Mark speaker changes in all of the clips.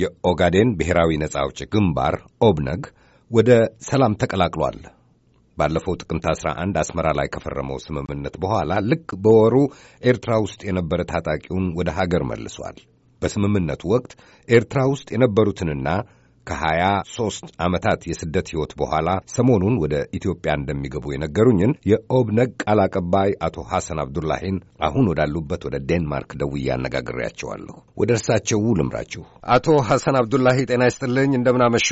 Speaker 1: የኦጋዴን ብሔራዊ ነጻ አውጪ ግንባር ኦብነግ ወደ ሰላም ተቀላቅሏል። ባለፈው ጥቅምት 11 አስመራ ላይ ከፈረመው ስምምነት በኋላ ልክ በወሩ ኤርትራ ውስጥ የነበረ ታጣቂውን ወደ ሀገር መልሷል። በስምምነቱ ወቅት ኤርትራ ውስጥ የነበሩትንና ከሀያ ሶስት ዓመታት የስደት ሕይወት በኋላ ሰሞኑን ወደ ኢትዮጵያ እንደሚገቡ የነገሩኝን የኦብነግ ቃል አቀባይ አቶ ሐሰን አብዱላሂን አሁን ወዳሉበት ወደ ዴንማርክ ደውዬ አነጋግሬያቸዋለሁ። ወደ እርሳቸው ልምራችሁ። አቶ ሐሰን አብዱላሂ ጤና ይስጥልኝ፣ እንደምን አመሹ?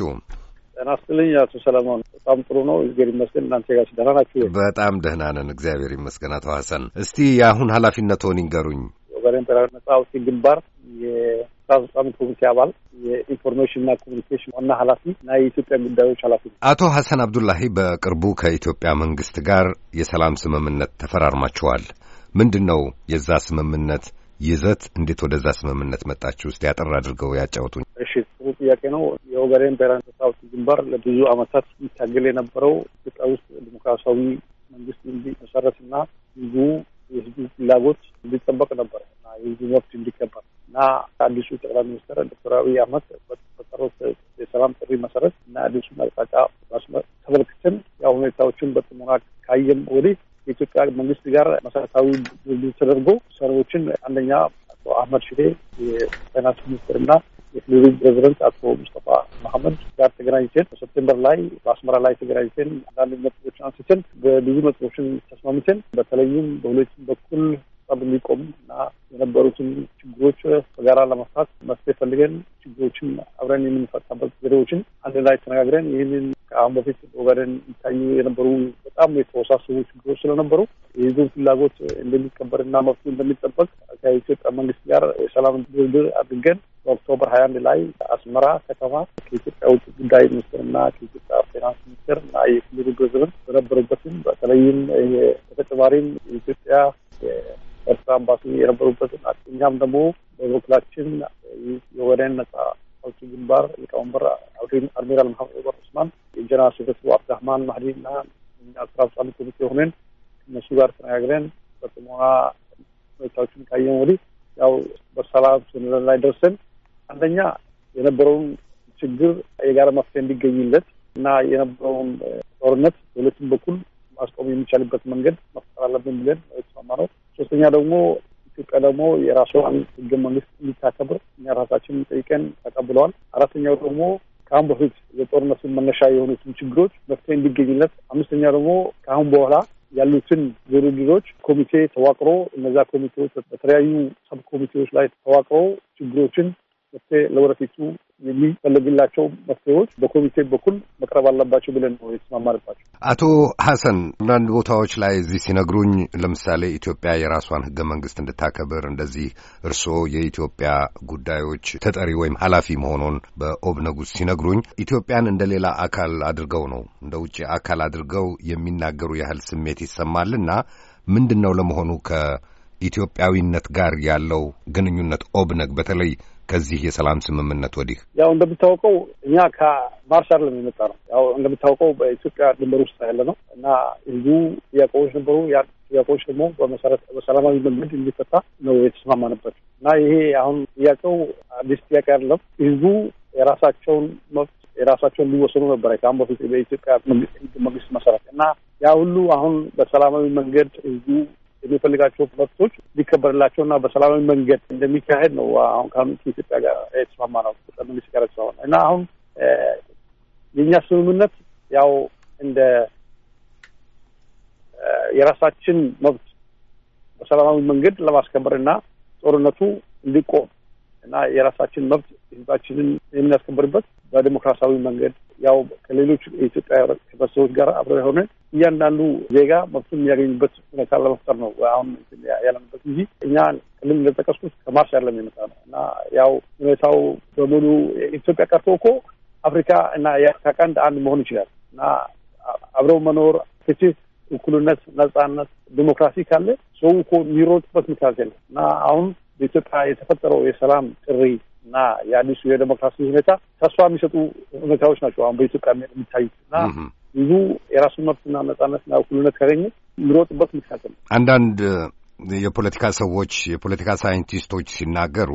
Speaker 1: ጤና ይስጥልኝ አቶ ሰለሞን። በጣም ጥሩ ነው እግዚአብሔር ይመስገን። እናንተ ጋር ደህና ናችሁ? በጣም ደህና ነን እግዚአብሔር ይመስገን። አቶ ሐሰን እስቲ የአሁን ኃላፊነትዎን ይንገሩኝ።
Speaker 2: ወገሬን ነጻ አውጪ ግንባር ስራ አስፈጻሚ ኮሚቴ አባል፣ የኢንፎርሜሽንና ኮሚኒኬሽን ዋና ኃላፊ እና የኢትዮጵያ ጉዳዮች ኃላፊ ነው።
Speaker 1: አቶ ሀሰን አብዱላሂ በቅርቡ ከኢትዮጵያ መንግስት ጋር የሰላም ስምምነት ተፈራርማችኋል። ምንድን ነው የዛ ስምምነት ይዘት? እንዴት ወደዛ ስምምነት መጣችሁ? ውስጥ ያጠር አድርገው ያጫወቱኝ።
Speaker 2: እሺ፣ ጥሩ ጥያቄ ነው። የኦጋዴን ብሔራዊ ነጻነት ግንባር ለብዙ ዓመታት ይታገል የነበረው ኢትዮጵያ ውስጥ ዲሞክራሲያዊ መንግስት እንዲመሰረትና ህዝቡ የህዝቡ ፍላጎት እንዲጠበቅ ነበር እና የህዝቡ መብት እንዲከበር እና አዲሱ ጠቅላይ ሚኒስትር ዶክተር አብይ አህመድ በጠሩት የሰላም ጥሪ መሰረት እና አዲሱ አቅጣጫ ተመልክተን ያው ሁኔታዎችን በጥሞና ካየም ወዲህ የኢትዮጵያ መንግስት ጋር መሰረታዊ ድርድር ተደርጎ ሰዎችን አንደኛ አቶ አህመድ ሽዴ የፋይናንስ ሚኒስትር እና የክልሉ ፕሬዚደንት አቶ ሙስጠፋ መሐመድ ጋር ተገናኝተን በሰፕቴምበር ላይ በአስመራ ላይ ተገናኝተን አንዳንድ ነጥቦችን አንስተን በብዙ ነጥቦችን ተስማምተን በተለይም በሁለቱም በኩል ጸብ እንዲቆም እና የነበሩትን ችግሮች በጋራ ለመፍታት መፍትሄ ፈልገን ችግሮችን አብረን የምንፈታበት ዘዴዎችን አንድ ላይ ተነጋግረን ይህንን ከአሁን በፊት በኦጋዴን ይታዩ የነበሩ በጣም የተወሳሰቡ ችግሮች ስለነበሩ የህዝቡን ፍላጎት እንደሚከበርና መፍትሄ እንደሚጠበቅ ከኢትዮጵያ መንግስት ጋር የሰላም ድርድር አድርገን በኦክቶበር ሀያ አንድ ላይ አስመራ ከተማ ከኢትዮጵያ ውጭ ጉዳይ ሚኒስትርና ከኢትዮጵያ ፋይናንስ ሚኒስትር እና የክልሉ ገንዘብን በነበሩበትም በተለይም ተጨማሪም የኢትዮጵያ ኤርትራ አምባሲ የነበሩበትን እኛም ደግሞ በበኩላችን የወደን ነጻ አውጪ ግንባር ሊቀመንበር አድሚራል መሐመድ ዑመር ዑስማን፣ የጀነራል ሴክሬታሪ አብዱራህማን ማህዲ ና እኛ ስራ አስፈጻሚ ኮሚቴ ሆነን እነሱ ጋር ተነጋግረን በጥሞና ሁኔታዎችን ካየን ወዲህ ያው በሰላም ስንለን ላይ ደርሰን አንደኛ የነበረውን ችግር የጋራ መፍትሄ እንዲገኝለት እና የነበረውን ጦርነት በሁለቱም በኩል ማስቆም የሚቻልበት መንገድ መፍጠር አለብን ብለን የተስማማ ነው። ሶስተኛ ደግሞ ኢትዮጵያ ደግሞ የራሷን ህገ መንግስት እንዲታከብር እኛ ራሳችን ጠይቀን ተቀብለዋል። አራተኛው ደግሞ ከአሁን በፊት የጦርነቱን መነሻ የሆኑትን ችግሮች መፍትሄ እንዲገኝለት፣ አምስተኛ ደግሞ ከአሁን በኋላ ያሉትን ድርድሮች ኮሚቴ ተዋቅሮ እነዛ ኮሚቴዎች በተለያዩ ሰብ ኮሚቴዎች ላይ ተዋቅሮ ችግሮችን መፍትሄ ለወደፊቱ የሚፈለግላቸው መፍትሄዎች በኮሚቴ በኩል መቅረብ አለባቸው ብለን ነው የተስማማንባቸው።
Speaker 1: አቶ ሀሰን አንዳንድ ቦታዎች ላይ እዚህ ሲነግሩኝ፣ ለምሳሌ ኢትዮጵያ የራሷን ህገ መንግስት እንድታከብር እንደዚህ እርስዎ የኢትዮጵያ ጉዳዮች ተጠሪ ወይም ኃላፊ መሆኑን በኦብነጉስ ሲነግሩኝ፣ ኢትዮጵያን እንደ ሌላ አካል አድርገው ነው እንደ ውጭ አካል አድርገው የሚናገሩ ያህል ስሜት ይሰማልና ምንድን ነው ለመሆኑ ከኢትዮጵያዊነት ጋር ያለው ግንኙነት ኦብነግ በተለይ ከዚህ የሰላም ስምምነት ወዲህ?
Speaker 2: ያው እንደሚታወቀው እኛ ከማርሻለም የመጣ ነው። ያው እንደምታውቀው በኢትዮጵያ ድንበር ውስጥ ያለ ነው እና ብዙ ጥያቄዎች ነበሩ። ያ ጥያቄዎች ደግሞ በመሰረት በሰላማዊ መንገድ እንዲፈታ ነው የተስማማንበት እና ይሄ አሁን ጥያቄው አዲስ ጥያቄ አይደለም። ህዝቡ የራሳቸውን መብት የራሳቸውን ሊወሰኑ ነበረ ከአሁን በፊት በኢትዮጵያ መንግስት መሰረት እና ያ ሁሉ አሁን በሰላማዊ መንገድ ህዝቡ የሚፈልጋቸው መብቶች ሊከበርላቸው ሊከበርላቸውና በሰላማዊ መንገድ እንደሚካሄድ ነው አሁን ከአሁኑ ከኢትዮጵያ ጋር የተስማማ ነው ጠቅላይ ሚኒስትር ጋር የተስማማ እና አሁን የእኛ ስምምነት ያው እንደ የራሳችን መብት በሰላማዊ መንገድ ለማስከበር እና ጦርነቱ እንዲቆም እና የራሳችን መብት ህዝባችንን የምናስከበርበት በዲሞክራሲያዊ መንገድ ያው ከሌሎች የኢትዮጵያ ህብረተሰቦች ጋር አብረ የሆነ እያንዳንዱ ዜጋ መብቱን የሚያገኝበት ሁኔታ ለመፍጠር ነው አሁን ያለንበት እንጂ እኛ ቅድም እንደጠቀስኩት ከማርስ ያለም የመጣ ነው እና ያው ሁኔታው በሙሉ ኢትዮጵያ ቀርቶ እኮ አፍሪካ እና የአፍሪካ ቀንድ አንድ መሆን ይችላል እና አብረው መኖር ፍትህ፣ እኩልነት፣ ነጻነት፣ ዲሞክራሲ ካለ ሰው እኮ የሚሮጥበት ምክንያት የለም እና አሁን በኢትዮጵያ የተፈጠረው የሰላም ጥሪ እና የአዲሱ የዴሞክራሲ ሁኔታ ተስፋ የሚሰጡ ሁኔታዎች ናቸው አሁን በኢትዮጵያ የሚታዩት እና ብዙ የራሱን መብትና ነጻነትና እኩልነት ካገኘ የሚሮጥበት ምክንያት ነው።
Speaker 1: አንዳንድ የፖለቲካ ሰዎች የፖለቲካ ሳይንቲስቶች ሲናገሩ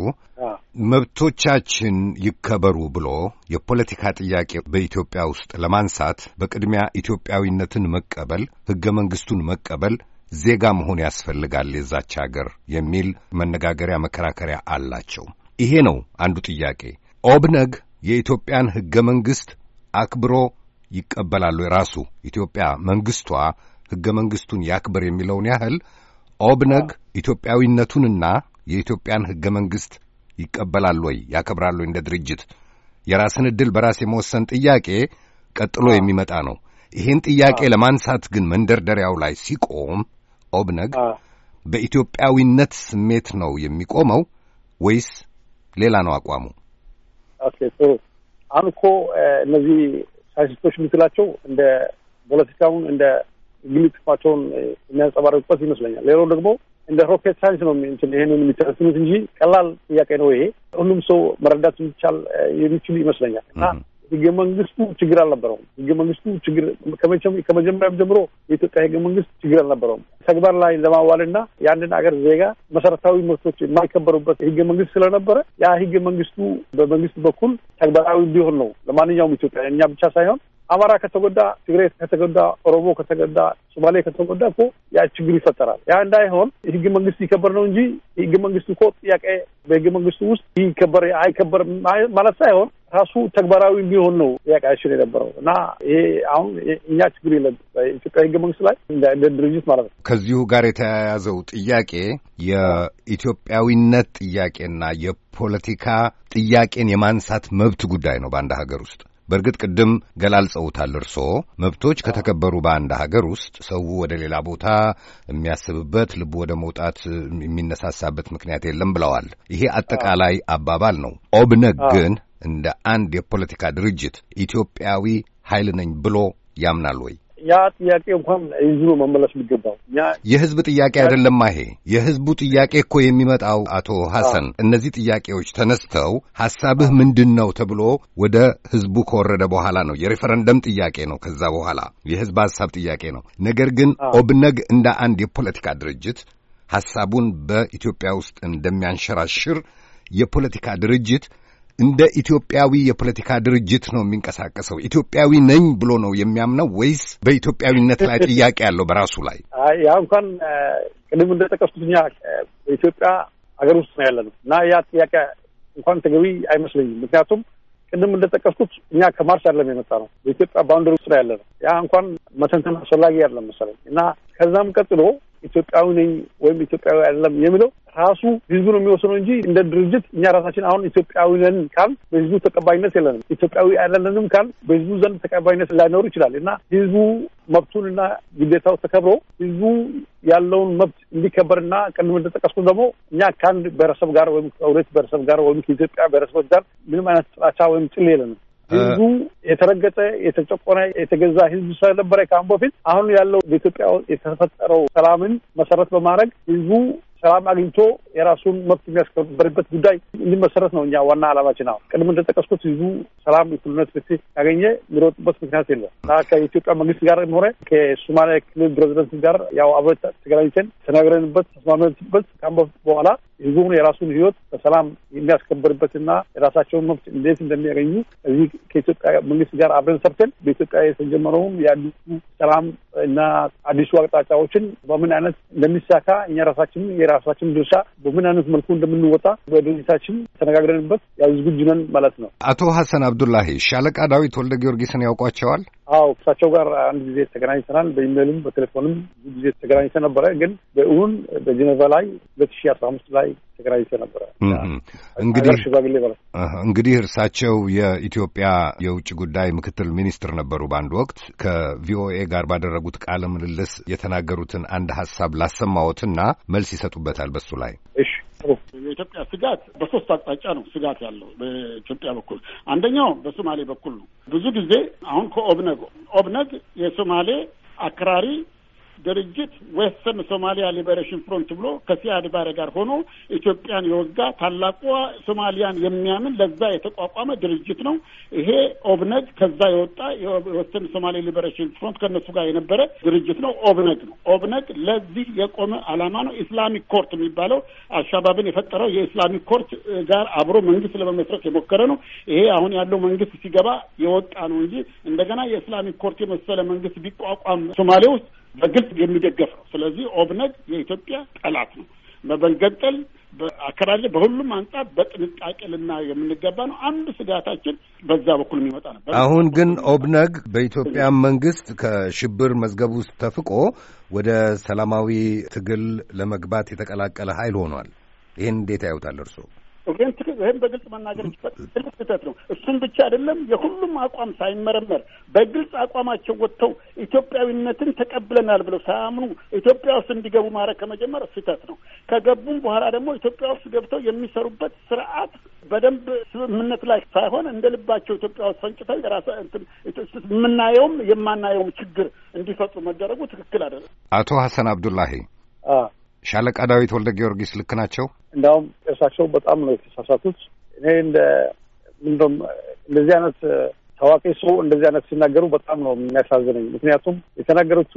Speaker 1: መብቶቻችን ይከበሩ ብሎ የፖለቲካ ጥያቄ በኢትዮጵያ ውስጥ ለማንሳት በቅድሚያ ኢትዮጵያዊነትን መቀበል፣ ሕገ መንግሥቱን መቀበል፣ ዜጋ መሆን ያስፈልጋል የዛች አገር የሚል መነጋገሪያ መከራከሪያ አላቸው። ይሄ ነው አንዱ ጥያቄ። ኦብነግ የኢትዮጵያን ሕገ መንግሥት አክብሮ ይቀበላሉ። የራሱ ኢትዮጵያ መንግስቷ ሕገ መንግስቱን ያክብር የሚለውን ያህል ኦብነግ ኢትዮጵያዊነቱንና የኢትዮጵያን ሕገ መንግስት ይቀበላል ወይ ያከብራል ወይ? እንደ ድርጅት የራስን ዕድል በራስ የመወሰን ጥያቄ ቀጥሎ የሚመጣ ነው። ይህን ጥያቄ ለማንሳት ግን መንደርደሪያው ላይ ሲቆም ኦብነግ በኢትዮጵያዊነት ስሜት ነው የሚቆመው ወይስ ሌላ ነው አቋሙ?
Speaker 2: ኦኬ ጥሩ። እነዚህ ሳይንቲስቶች የምትላቸው እንደ ፖለቲካውን እንደ ግል የሚያንጸባርቁበት ይመስለኛል። ሌላው ደግሞ እንደ ሮኬት ሳይንስ ነው ይሄንን የሚተረስሙት እንጂ ቀላል ጥያቄ ነው ይሄ። ሁሉም ሰው መረዳት የሚቻል የሚችሉ ይመስለኛል እና ህገ መንግስቱ ችግር አልነበረውም። ህገ መንግስቱ ችግር ከመጀመሪያም ጀምሮ የኢትዮጵያ ህገ መንግስት ችግር አልነበረውም። ተግባር ላይ ለማዋልና የአንድን ሀገር ዜጋ መሰረታዊ መብቶች የማይከበሩበት ህገ መንግስት ስለነበረ ያ ህገ መንግስቱ በመንግስት በኩል ተግባራዊ ቢሆን ነው ለማንኛውም ኢትዮጵያ እኛ ብቻ ሳይሆን አማራ ከተጎዳ፣ ትግራይ ከተጎዳ፣ ኦሮሞ ከተጎዳ፣ ሶማሌ ከተጎዳ እኮ ያ ችግር ይፈጠራል። ያ እንዳይሆን ህገ መንግስት ይከበር ነው እንጂ ህገ መንግስት እኮ ጥያቄ በህገ መንግስቱ ውስጥ ይከበር አይከበር ማለት ሳይሆን ራሱ ተግባራዊ እንዲሆን ነው ጥያቄያችን የነበረው እና ይሄ አሁን እኛ ችግር የለም በኢትዮጵያ ህገ መንግስት ላይ እንደ ድርጅት ማለት ነው።
Speaker 1: ከዚሁ ጋር የተያያዘው ጥያቄ የኢትዮጵያዊነት ጥያቄና የፖለቲካ ጥያቄን የማንሳት መብት ጉዳይ ነው በአንድ ሀገር ውስጥ በእርግጥ ቅድም ገላልጸውታል። እርስዎ መብቶች ከተከበሩ በአንድ ሀገር ውስጥ ሰው ወደ ሌላ ቦታ የሚያስብበት ልቡ ወደ መውጣት የሚነሳሳበት ምክንያት የለም ብለዋል። ይሄ አጠቃላይ አባባል ነው። ኦብነግ ግን እንደ አንድ የፖለቲካ ድርጅት ኢትዮጵያዊ ኃይል ነኝ ብሎ ያምናል ወይ?
Speaker 2: ያ ጥያቄ እንኳን ይዞ መመለስ የሚገባው
Speaker 1: የህዝብ ጥያቄ አይደለም። ይሄ የህዝቡ ጥያቄ እኮ የሚመጣው አቶ ሐሰን፣ እነዚህ ጥያቄዎች ተነስተው ሀሳብህ ምንድን ነው ተብሎ ወደ ህዝቡ ከወረደ በኋላ ነው። የሬፈረንደም ጥያቄ ነው። ከዛ በኋላ የህዝብ ሀሳብ ጥያቄ ነው። ነገር ግን ኦብነግ እንደ አንድ የፖለቲካ ድርጅት ሀሳቡን በኢትዮጵያ ውስጥ እንደሚያንሸራሽር የፖለቲካ ድርጅት እንደ ኢትዮጵያዊ የፖለቲካ ድርጅት ነው የሚንቀሳቀሰው? ኢትዮጵያዊ ነኝ ብሎ ነው የሚያምነው ወይስ በኢትዮጵያዊነት ላይ ጥያቄ አለው በራሱ ላይ?
Speaker 2: ያ እንኳን ቅድም እንደጠቀስኩት እኛ በኢትዮጵያ ሀገር ውስጥ ነው ያለነው እና ያ ጥያቄ እንኳን ተገቢ አይመስለኝም። ምክንያቱም ቅድም እንደጠቀስኩት እኛ ከማርስ አይደለም የመጣ ነው በኢትዮጵያ ባውንደሪ ውስጥ ነው ያለ ነው። ያ እንኳን መተንተን አስፈላጊ አይደለም መሰለኝ እና ከዛም ቀጥሎ ኢትዮጵያዊ ነኝ ወይም ኢትዮጵያዊ አይደለም የሚለው ራሱ ህዝቡ ነው የሚወስነው እንጂ እንደ ድርጅት እኛ ራሳችን አሁን ኢትዮጵያዊ ነን ካል በህዝቡ ተቀባይነት የለንም። ኢትዮጵያዊ አይደለንም ካል በህዝቡ ዘንድ ተቀባይነት ላይኖር ይችላል እና ህዝቡ መብቱንና ግዴታው ተከብሮ ህዝቡ ያለውን መብት እንዲከበርና ቅድም እንደጠቀስኩት ደግሞ እኛ ከአንድ ብሔረሰብ ጋር ወይም ከሁለት ብሔረሰብ ጋር ወይም ከኢትዮጵያ ብሔረሰቦች ጋር ምንም አይነት ጥላቻ ወይም ጥል የለንም። ህዝቡ የተረገጠ የተጨቆነ የተገዛ ህዝብ ስለነበረ ከአሁን በፊት አሁን ያለው በኢትዮጵያ የተፈጠረው ሰላምን መሰረት በማድረግ ህዝቡ ሰላም አግኝቶ የራሱን መብት የሚያስከበርበት ጉዳይ እንዲመሰረት ነው። እኛ ዋና ዓላማችን አሁን ቅድም እንደጠቀስኩት ህዝቡ ሰላም፣ እኩልነት፣ ፍትህ ያገኘ የሚሮጥበት ምክንያት የለም ከኢትዮጵያ መንግስት ጋር ሆነ ከሶማሊያ ክልል ፕሬዚደንት ጋር ያው አብረት ተገናኝተን ተናግረንበት ተስማምንበት ከአሁን በኋላ ህዝቡን የራሱን ህይወት በሰላም የሚያስከብርበትና የራሳቸውን መብት እንዴት እንደሚያገኙ እዚህ ከኢትዮጵያ መንግስት ጋር አብረን ሰርተን በኢትዮጵያ የተጀመረውን የአዲሱ ሰላም እና አዲሱ አቅጣጫዎችን በምን አይነት እንደሚሳካ እኛ ራሳችን የራሳችን ድርሻ በምን አይነት መልኩ እንደምንወጣ በድርጅታችን ተነጋግረንበት ያው ነን ማለት
Speaker 1: ነው። አቶ ሀሰን አብዱላሂ ሻለቃ ዳዊት ወልደ ጊዮርጊስን ያውቋቸዋል?
Speaker 2: አዎ እሳቸው ጋር አንድ ጊዜ ተገናኝተናል። በኢሜይልም በቴሌፎንም ብዙ ጊዜ ተገናኝተ ነበረ። ግን በእውን በጄኔቫ ላይ ሁለት ሺ አስራ አምስት ላይ ተገናኝተ ነበረ። እንግዲህ ማለት
Speaker 1: እንግዲህ እርሳቸው የኢትዮጵያ የውጭ ጉዳይ ምክትል ሚኒስትር ነበሩ። በአንድ ወቅት ከቪኦኤ ጋር ባደረጉት ቃለ ምልልስ የተናገሩትን አንድ ሀሳብ ላሰማዎትና መልስ ይሰጡበታል በሱ ላይ እሺ
Speaker 3: የኢትዮጵያ ስጋት በሶስት አቅጣጫ ነው ስጋት ያለው በኢትዮጵያ በኩል አንደኛው በሶማሌ በኩል ነው። ብዙ ጊዜ አሁን ከኦብነግ ኦብነግ የሶማሌ አክራሪ ድርጅት ዌስተርን ሶማሊያ ሊበሬሽን ፍሮንት ብሎ ከሲያድ ባሬ ጋር ሆኖ ኢትዮጵያን የወጋ ታላቋ ሶማሊያን የሚያምን ለዛ የተቋቋመ ድርጅት ነው። ይሄ ኦብነግ ከዛ የወጣ የዌስተርን ሶማሊያ ሊበሬሽን ፍሮንት ከነሱ ጋር የነበረ ድርጅት ነው። ኦብነግ ነው። ኦብነግ ለዚህ የቆመ አላማ ነው። ኢስላሚክ ኮርት የሚባለው አልሻባብን የፈጠረው የኢስላሚክ ኮርት ጋር አብሮ መንግስት ለመመስረት የሞከረ ነው። ይሄ አሁን ያለው መንግስት ሲገባ የወጣ ነው እንጂ እንደገና የኢስላሚክ ኮርት የመሰለ መንግስት ቢቋቋም ሶማሌ ውስጥ በግልጽ የሚደገፍ ነው። ስለዚህ ኦብነግ የኢትዮጵያ ጠላት ነው። በመንገንጠል አከራለ በሁሉም አንጻር በጥንቃቄ ልና የምንገባ ነው። አንድ ስጋታችን በዛ በኩል የሚመጣ ነበር። አሁን
Speaker 1: ግን ኦብነግ በኢትዮጵያ መንግስት ከሽብር መዝገብ ውስጥ ተፍቆ ወደ ሰላማዊ ትግል ለመግባት የተቀላቀለ ኃይል ሆኗል። ይህን እንዴት ያዩታል እርስዎ?
Speaker 3: ይህም በግልጽ መናገር ትልቅ ስህተት ነው። እሱም ብቻ አይደለም፣ የሁሉም አቋም ሳይመረመር በግልጽ አቋማቸው ወጥተው ኢትዮጵያዊነትን ተቀብለናል ብለው ሳያምኑ ኢትዮጵያ ውስጥ እንዲገቡ ማድረግ ከመጀመር ስህተት ነው። ከገቡም በኋላ ደግሞ ኢትዮጵያ ውስጥ ገብተው የሚሰሩበት ስርዓት በደንብ ስምምነት ላይ ሳይሆን እንደ ልባቸው ኢትዮጵያ ውስጥ ፈንጭተው የራሳ የምናየውም የማናየውም ችግር እንዲፈጡ መደረጉ ትክክል አይደለም።
Speaker 1: አቶ ሀሰን አብዱላሂ ሻለቃ ዳዊት ወልደ ጊዮርጊስ ልክ ናቸው።
Speaker 3: እንዲያውም እርሳቸው በጣም ነው የተሳሳቱት። እኔ እንደ
Speaker 2: ምንድነው እንደዚህ አይነት ታዋቂ ሰው እንደዚህ አይነት ሲናገሩ በጣም ነው የሚያሳዝነኝ። ምክንያቱም የተናገሩት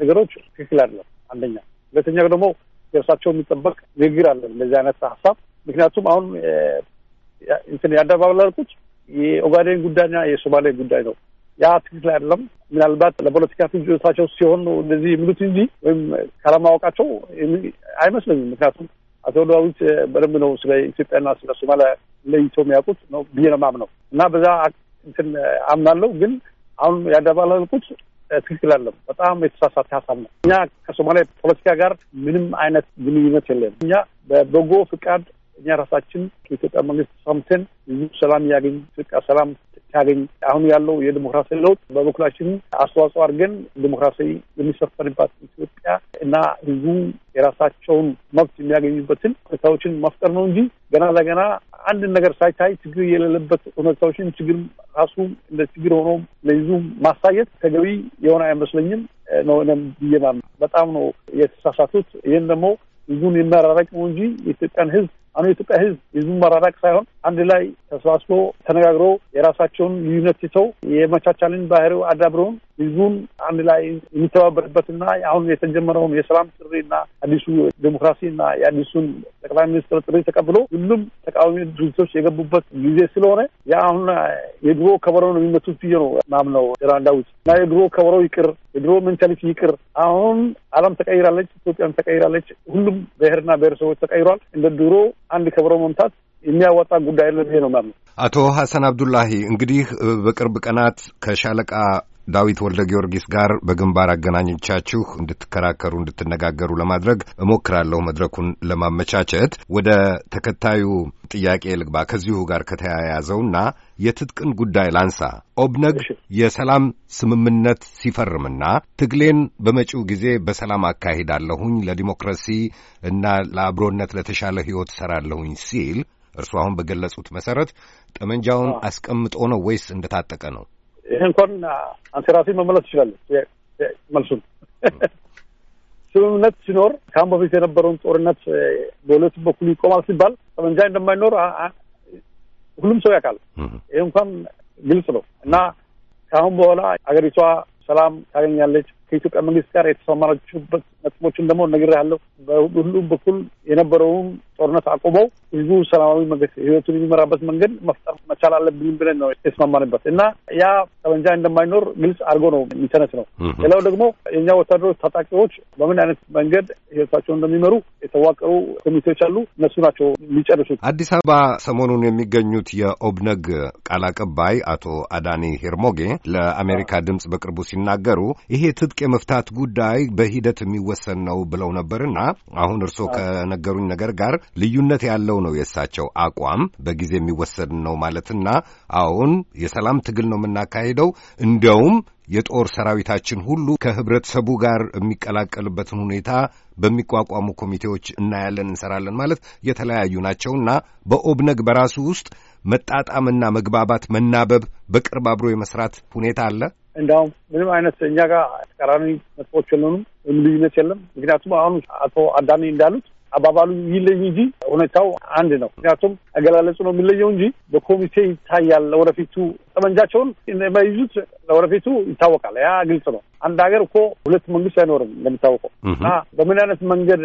Speaker 2: ነገሮች ትክክል አይደለም አንደኛ። ሁለተኛ ደግሞ የእርሳቸው የሚጠበቅ ንግግር አለ እንደዚህ አይነት ሀሳብ ምክንያቱም አሁን እንትን ያደባበላልኩት የኦጋዴን ጉዳይና የሶማሌ ጉዳይ ነው። ያ ትክክል አይደለም። ምናልባት ለፖለቲካ ፍጆታቸው ሲሆን እንደዚህ የሚሉት እንጂ ወይም ካለማወቃቸው አይመስለኝም። ምክንያቱም አቶ ዳዊት በደንብ ነው ስለ ኢትዮጵያና ስለ ሶማሊያ ለይቶ የሚያውቁት ነው ብዬ ነው የማምነው እና በዛ እንትን አምናለሁ። ግን አሁን ያደባላልኩት ትክክል አለም። በጣም የተሳሳተ ሀሳብ ነው። እኛ ከሶማሊያ ፖለቲካ ጋር ምንም አይነት ግንኙነት የለም። እኛ በበጎ ፍቃድ እኛ ራሳችን ከኢትዮጵያ መንግስት ሰምተን ህዝቡ ሰላም ያገኝ፣ ኢትዮጵያ ሰላም ያገኝ፣ አሁን ያለው የዲሞክራሲ ለውጥ በበኩላችን አስተዋጽኦ አድርገን ዲሞክራሲ የሚሰፈንባት ኢትዮጵያ እና ህዝቡ የራሳቸውን መብት የሚያገኙበትን ሁኔታዎችን መፍጠር ነው እንጂ ገና ለገና አንድን ነገር ሳይታይ ችግር የሌለበት ሁኔታዎችን ችግር ራሱ እንደ ችግር ሆኖ ለይዙ ማሳየት ተገቢ የሆነ አይመስለኝም ነው ብዬ በጣም ነው የተሳሳቱት። ይህን ደግሞ ህዝቡን የሚያራረቅ ነው እንጂ የኢትዮጵያን ህዝብ አሁን የኢትዮጵያ ህዝብ ህዝቡን መራራቅ ሳይሆን አንድ ላይ ተሰባስቦ ተነጋግሮ የራሳቸውን ልዩነት ሲተው የመቻቻልን ባህሪው አዳብረውን ህዝቡን አንድ ላይ የሚተባበርበትና አሁን የተጀመረውን የሰላም ጥሪና አዲሱ ዴሞክራሲና የአዲሱን ጠቅላይ ሚኒስትር ጥሪ ተቀብሎ ሁሉም ተቃዋሚ ድርጅቶች የገቡበት ጊዜ ስለሆነ ያ አሁን የድሮ ከበሮ ነው የሚመቱት ብዬ ነው ማምነው። ራንዳ ውጭ እና የድሮ ከበሮ ይቅር፣ የድሮ ሜንታሊቲ ይቅር። አሁን ዓለም ተቀይራለች፣ ኢትዮጵያም ተቀይራለች። ሁሉም ብሔርና ብሔረሰቦች ተቀይሯል። እንደ ድሮ አንድ ከበሮ መምታት የሚያወጣ ጉዳይ ነው ነው ማለት
Speaker 1: አቶ ሀሰን አብዱላሂ እንግዲህ በቅርብ ቀናት ከሻለቃ ዳዊት ወልደ ጊዮርጊስ ጋር በግንባር አገናኞቻችሁ እንድትከራከሩ እንድትነጋገሩ ለማድረግ እሞክራለሁ መድረኩን ለማመቻቸት። ወደ ተከታዩ ጥያቄ ልግባ። ከዚሁ ጋር ከተያያዘውና የትጥቅን ጉዳይ ላንሳ። ኦብነግ የሰላም ስምምነት ሲፈርምና ትግሌን በመጪው ጊዜ በሰላም አካሂዳለሁኝ ለዲሞክራሲ እና ለአብሮነት ለተሻለ ሕይወት እሰራለሁኝ ሲል እርሱ አሁን በገለጹት መሰረት ጠመንጃውን አስቀምጦ ነው ወይስ እንደታጠቀ ነው?
Speaker 2: ይሄ እንኳን አንሴራሴ መመለስ ይችላለሁ። መልሱም ስምምነት ሲኖር ከአሁን በፊት የነበረውን ጦርነት በሁለቱም በኩል ይቆማል ሲባል ጠመንጃ እንደማይኖር ሁሉም ሰው ያውቃል። ይህ እንኳን ግልጽ ነው እና ከአሁን በኋላ አገሪቷ ሰላም ታገኛለች፣ ከኢትዮጵያ መንግስት ጋር የተሰማራችሁበት ነጥቦችን ደግሞ ነግሬሃለሁ። በሁሉም በኩል የነበረውን ጦርነት አቁመው ህዝቡ ሰላማዊ መንገድ ህይወቱን የሚመራበት መንገድ መፍጠር መቻል አለብን ብለን ነው የተስማማንበት እና ያ ጠመንጃ እንደማይኖር ግልጽ አድርጎ ነው የሚተነት ነው። ሌላው ደግሞ የኛ ወታደሮች ታጣቂዎች በምን አይነት መንገድ ህይወታቸውን እንደሚመሩ የተዋቀሩ ኮሚቴዎች አሉ። እነሱ ናቸው
Speaker 1: የሚጨርሱት። አዲስ አበባ ሰሞኑን የሚገኙት የኦብነግ ቃል አቀባይ አቶ አዳኒ ሄርሞጌ ለአሜሪካ ድምጽ በቅርቡ ሲናገሩ ይሄ በጥብቅ የመፍታት ጉዳይ በሂደት የሚወሰን ነው ብለው ነበርና አሁን እርስዎ ከነገሩኝ ነገር ጋር ልዩነት ያለው ነው የእሳቸው አቋም በጊዜ የሚወሰን ነው ማለትና አሁን የሰላም ትግል ነው የምናካሄደው እንደውም የጦር ሰራዊታችን ሁሉ ከህብረተሰቡ ጋር የሚቀላቀልበትን ሁኔታ በሚቋቋሙ ኮሚቴዎች እናያለን፣ እንሰራለን ማለት የተለያዩ ናቸውና በኦብነግ በራሱ ውስጥ መጣጣምና መግባባት፣ መናበብ፣ በቅርብ አብሮ የመስራት ሁኔታ አለ።
Speaker 2: እንዲሁም ምንም አይነት እኛ ጋር ተቃራኒ መጥፎች የለንም ወይም ልዩነት የለም። ምክንያቱም አሁን አቶ አዳሚ እንዳሉት አባባሉ ይለኝ እንጂ እውነታው አንድ ነው። ምክንያቱም አገላለጹ ነው የሚለየው እንጂ በኮሚቴ ይታያል። ለወደፊቱ ጠመንጃቸውን የማይዙት ለወደፊቱ ይታወቃል። ያ ግልጽ ነው። አንድ ሀገር እኮ ሁለት መንግስት አይኖርም እንደሚታወቀው እና በምን አይነት መንገድ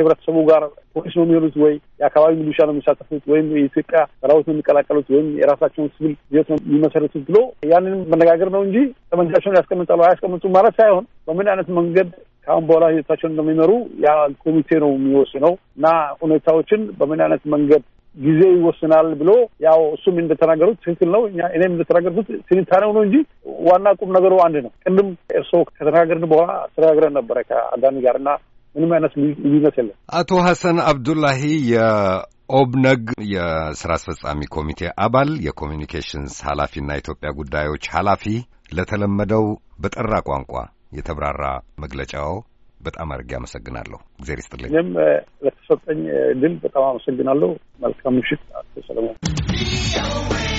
Speaker 2: ህብረተሰቡ ጋር ፖሊስ ነው የሚሆኑት ወይ የአካባቢ ሚሊሻ ነው የሚሳተፉት ወይም የኢትዮጵያ ሰራዊት ነው የሚቀላቀሉት ወይም የራሳቸውን ሲቪል ቤት ነው የሚመሰረቱት ብሎ ያንን መነጋገር ነው እንጂ ጠመንጃቸውን ያስቀምጣሉ አያስቀምጡ ማለት ሳይሆን በምን አይነት መንገድ ከአሁን በኋላ ህይወታቸውን እንደሚመሩ ያ ኮሚቴ ነው የሚወስነው እና ሁኔታዎችን በምን አይነት መንገድ ጊዜ ይወስናል ብሎ ያው እሱም እንደተናገሩት ትክክል ነው። እኔም እንደተናገርኩት ትንታኔው ነው እንጂ ዋና ቁም ነገሩ አንድ ነው። ቅድም እርስዎ ከተነጋገርን በኋላ አስተነጋግረን ነበረ ከአዳኒ ጋር እና ምንም አይነት ልዩነት የለም።
Speaker 1: አቶ ሀሰን አብዱላሂ ኦብነግ የስራ አስፈጻሚ ኮሚቴ አባል የኮሚኒኬሽንስ ኃላፊና ኢትዮጵያ ጉዳዮች ኃላፊ ለተለመደው በጠራ ቋንቋ የተብራራ መግለጫው በጣም አድርጌ አመሰግናለሁ። እግዜር ይስጥልኝ። እኔም
Speaker 2: ለተሰጠኝ ድል በጣም አመሰግናለሁ። መልካም ምሽት አቶ ሰለሞን።